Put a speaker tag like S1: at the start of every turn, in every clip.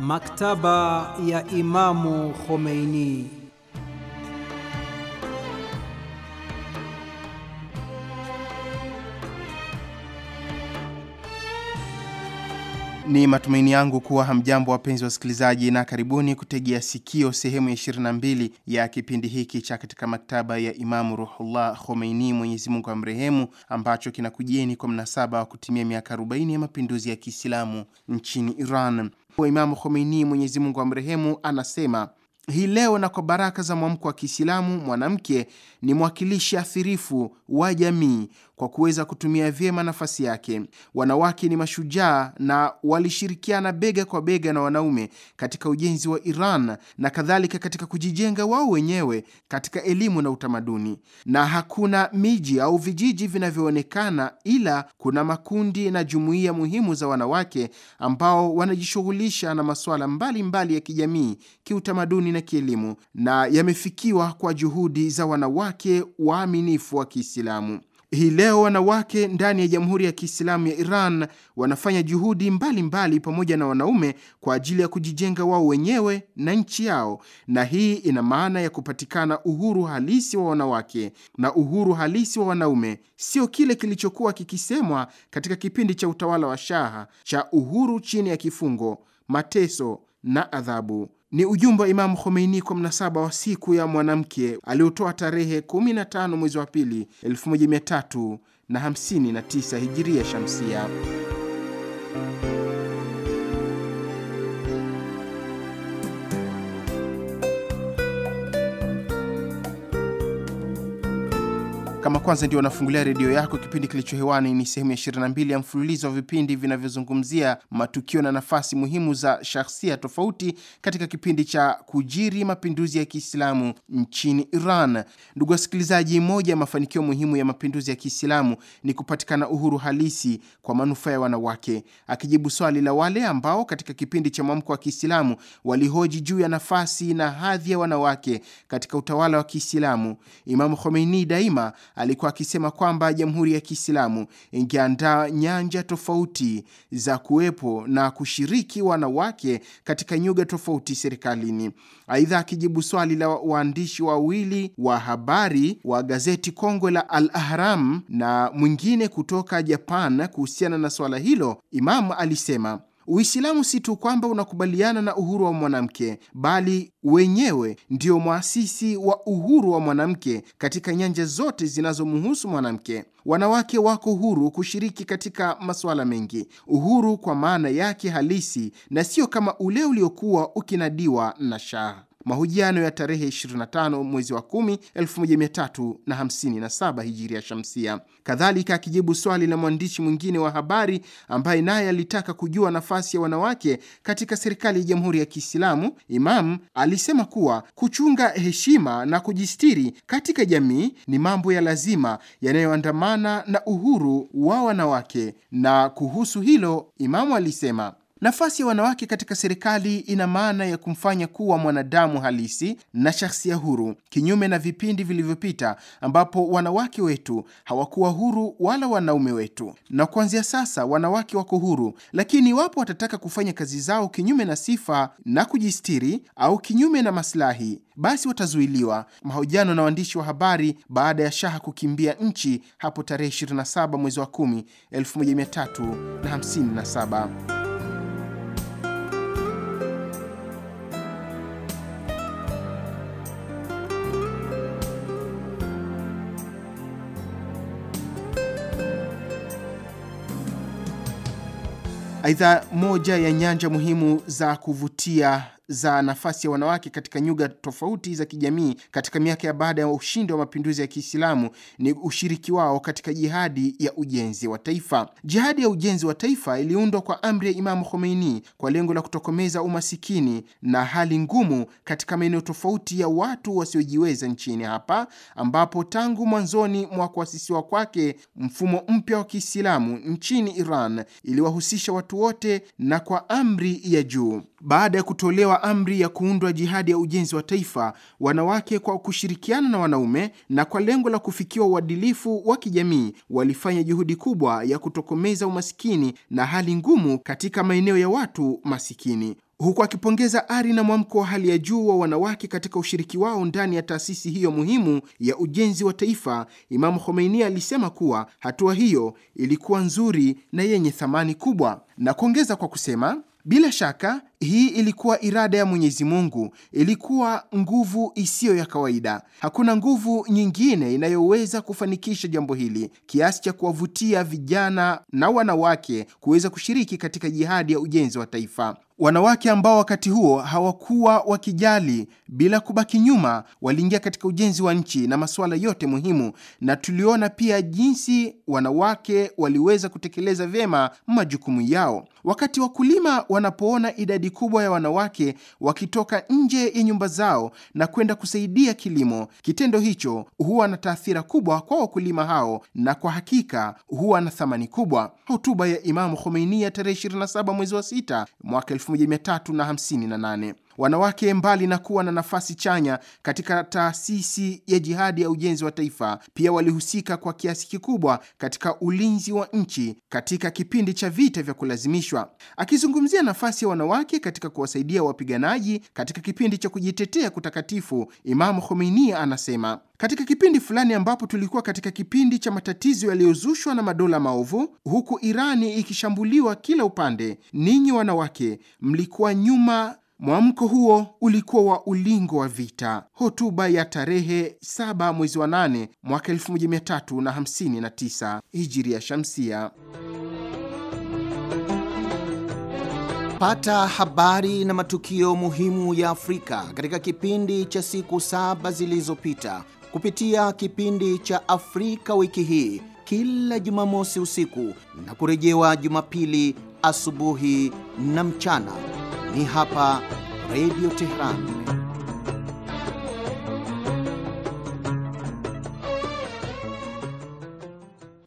S1: Maktaba ya Imamu Khomeini. Ni matumaini yangu kuwa hamjambo wapenzi wa wasikilizaji, na karibuni kutegea sikio sehemu ya 22 ya kipindi hiki cha katika maktaba ya Imamu Ruhullah Khomeini, Mwenyezi Mungu amrehemu, ambacho kinakujieni kwa mnasaba wa kutimia miaka 40 ya mapinduzi ya Kiislamu nchini Iran. Imamu Khomeini, Mwenyezi Mungu amrehemu, anasema hii leo na kwa baraka za mwamko wa Kiislamu, mwanamke ni mwakilishi athirifu wa jamii kwa kuweza kutumia vyema nafasi yake. Wanawake ni mashujaa na walishirikiana bega kwa bega na wanaume katika ujenzi wa Iran na kadhalika, katika kujijenga wao wenyewe katika elimu na utamaduni. Na hakuna miji au vijiji vinavyoonekana, ila kuna makundi na jumuiya muhimu za wanawake ambao wanajishughulisha na masuala mbalimbali ya kijamii, kiutamaduni na kielimu, na yamefikiwa kwa juhudi za wanawake waaminifu wa Kiislamu. Hii leo wanawake ndani ya Jamhuri ya Kiislamu ya Iran wanafanya juhudi mbalimbali mbali pamoja na wanaume kwa ajili ya kujijenga wao wenyewe na nchi yao, na hii ina maana ya kupatikana uhuru halisi wa wanawake na uhuru halisi wa wanaume, sio kile kilichokuwa kikisemwa katika kipindi cha utawala wa shaha cha uhuru chini ya kifungo, mateso na adhabu. Ni ujumbe wa Imamu Khomeini kwa mnasaba wa siku ya mwanamke aliotoa tarehe 15 mwezi wa pili 1359 hijiria shamsia. Kama kwanza ndio unafungulia redio yako, kipindi kilicho hewani ni sehemu ya 22 ya mfululizo wa vipindi vinavyozungumzia matukio na nafasi muhimu za shahsia tofauti katika kipindi cha kujiri mapinduzi ya Kiislamu nchini Iran. Ndugu wasikilizaji, moja ya mafanikio muhimu ya mapinduzi ya Kiislamu ni kupatikana uhuru halisi kwa manufaa ya wanawake. Akijibu swali la wale ambao katika kipindi cha mwamko wa Kiislamu walihoji juu ya nafasi na hadhi ya wanawake katika utawala wa Kiislamu, Imamu Khomeini daima alikuwa akisema kwamba Jamhuri ya Kiislamu ingeandaa nyanja tofauti za kuwepo na kushiriki wanawake katika nyuga tofauti serikalini. Aidha, akijibu swali la waandishi wawili wa habari wa gazeti kongwe la Al Ahram na mwingine kutoka Japan kuhusiana na swala hilo, Imam alisema Uislamu si tu kwamba unakubaliana na uhuru wa mwanamke, bali wenyewe ndio mwasisi wa uhuru wa mwanamke katika nyanja zote zinazomhusu mwanamke. Wanawake wako huru kushiriki katika masuala mengi, uhuru kwa maana yake halisi, na sio kama ule uliokuwa ukinadiwa na shaha mahojiano ya tarehe 25 mwezi wa 10 1357 hijiria shamsia. Kadhalika akijibu swali la mwandishi mwingine wa habari ambaye naye alitaka kujua nafasi ya wanawake katika serikali ya Jamhuri ya Kiislamu, Imam alisema kuwa kuchunga heshima na kujistiri katika jamii ni mambo ya lazima yanayoandamana na uhuru wa wanawake, na kuhusu hilo Imamu alisema Nafasi ya wanawake katika serikali ina maana ya kumfanya kuwa mwanadamu halisi na shahsia huru, kinyume na vipindi vilivyopita ambapo wanawake wetu hawakuwa huru wala wanaume wetu. Na kuanzia sasa wanawake wako huru, lakini iwapo watataka kufanya kazi zao kinyume na sifa na kujistiri au kinyume na masilahi basi watazuiliwa. Mahojiano na waandishi wa habari baada ya shaha kukimbia nchi hapo tarehe 27 mwezi wa 10 1357. Aidha, moja ya nyanja muhimu za kuvutia za nafasi ya wanawake katika nyuga tofauti za kijamii katika miaka ya baada ya ushindi wa mapinduzi ya Kiislamu ni ushiriki wao katika jihadi ya ujenzi wa taifa. Jihadi ya ujenzi wa taifa iliundwa kwa amri ya Imamu Khomeini kwa lengo la kutokomeza umasikini na hali ngumu katika maeneo tofauti ya watu wasiojiweza nchini hapa, ambapo tangu mwanzoni mwa kuasisiwa kwake mfumo mpya wa Kiislamu nchini Iran iliwahusisha watu wote na kwa amri ya juu baada ya kutolewa amri ya kuundwa jihadi ya ujenzi wa taifa, wanawake kwa kushirikiana na wanaume na kwa lengo la kufikiwa uadilifu wa kijamii, walifanya juhudi kubwa ya kutokomeza umasikini na hali ngumu katika maeneo ya watu masikini huku akipongeza ari na mwamko wa hali ya juu wa wanawake katika ushiriki wao ndani ya taasisi hiyo muhimu ya ujenzi wa taifa, Imamu Khomeini alisema kuwa hatua hiyo ilikuwa nzuri na yenye thamani kubwa, na kuongeza kwa kusema bila shaka hii ilikuwa irada ya Mwenyezi Mungu, ilikuwa nguvu isiyo ya kawaida. Hakuna nguvu nyingine inayoweza kufanikisha jambo hili kiasi cha kuwavutia vijana na wanawake kuweza kushiriki katika jihadi ya ujenzi wa taifa. Wanawake ambao wakati huo hawakuwa wakijali, bila kubaki nyuma, waliingia katika ujenzi wa nchi na masuala yote muhimu, na tuliona pia jinsi wanawake waliweza kutekeleza vyema majukumu yao. Wakati wakulima wanapoona idadi kubwa ya wanawake wakitoka nje ya nyumba zao na kwenda kusaidia kilimo, kitendo hicho huwa na taathira kubwa kwa wakulima hao na kwa hakika huwa na thamani kubwa. Hotuba ya Imamu Khomeini ya tarehe 27 mwezi wa 6 mwaka 1358. Wanawake, mbali na kuwa na nafasi chanya katika taasisi ya jihadi ya ujenzi wa taifa, pia walihusika kwa kiasi kikubwa katika ulinzi wa nchi katika kipindi cha vita vya kulazimishwa. Akizungumzia nafasi ya wanawake katika kuwasaidia wapiganaji katika kipindi cha kujitetea kutakatifu, Imamu Khomeini anasema katika kipindi fulani ambapo tulikuwa katika kipindi cha matatizo yaliyozushwa na madola maovu, huku Irani ikishambuliwa kila upande, ninyi wanawake mlikuwa nyuma Mwamko huo ulikuwa wa ulingo wa vita. Hotuba ya tarehe 7 mwezi wa 8 mwaka 1359 hijiri ya shamsia. Pata habari na matukio muhimu ya Afrika katika kipindi cha siku saba zilizopita kupitia kipindi cha Afrika wiki hii kila Jumamosi usiku na kurejewa Jumapili asubuhi na mchana ni hapa Radio Tehran.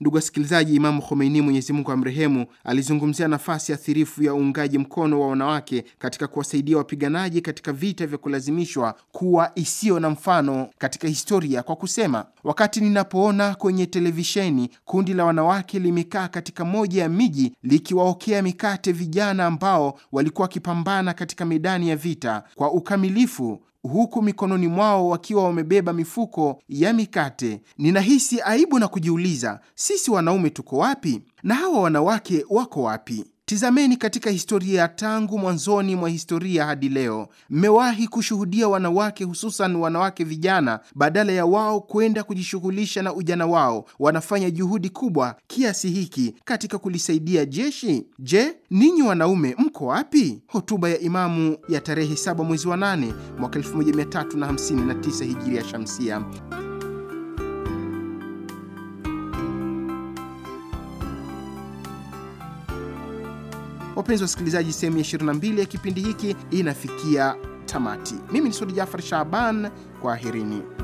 S1: Ndugu wasikilizaji, Imamu Khomeini, Mwenyezi Mungu amrehemu, alizungumzia nafasi athirifu ya uungaji mkono wa wanawake katika kuwasaidia wapiganaji katika vita vya kulazimishwa kuwa isiyo na mfano katika historia kwa kusema, wakati ninapoona kwenye televisheni kundi la wanawake limekaa katika moja ya miji likiwaokea mikate vijana ambao walikuwa wakipambana katika medani ya vita kwa ukamilifu huku mikononi mwao wakiwa wamebeba mifuko ya mikate. Ninahisi aibu na kujiuliza, sisi wanaume tuko wapi na hawa wanawake wako wapi? Tizameni katika historia tangu mwanzoni mwa historia hadi leo, mmewahi kushuhudia wanawake, hususan wanawake vijana, badala ya wao kwenda kujishughulisha na ujana wao, wanafanya juhudi kubwa kiasi hiki katika kulisaidia jeshi. Je, ninyi wanaume mko wapi? Hotuba ya Imamu ya tarehe 7 mwezi wa 8 mwaka 1359 hijiria shamsia. Wapenzi wasikilizaji, sehemu ya 22 ya kipindi hiki inafikia tamati. Mimi ni Sudi Jafar Shaban, kwaherini.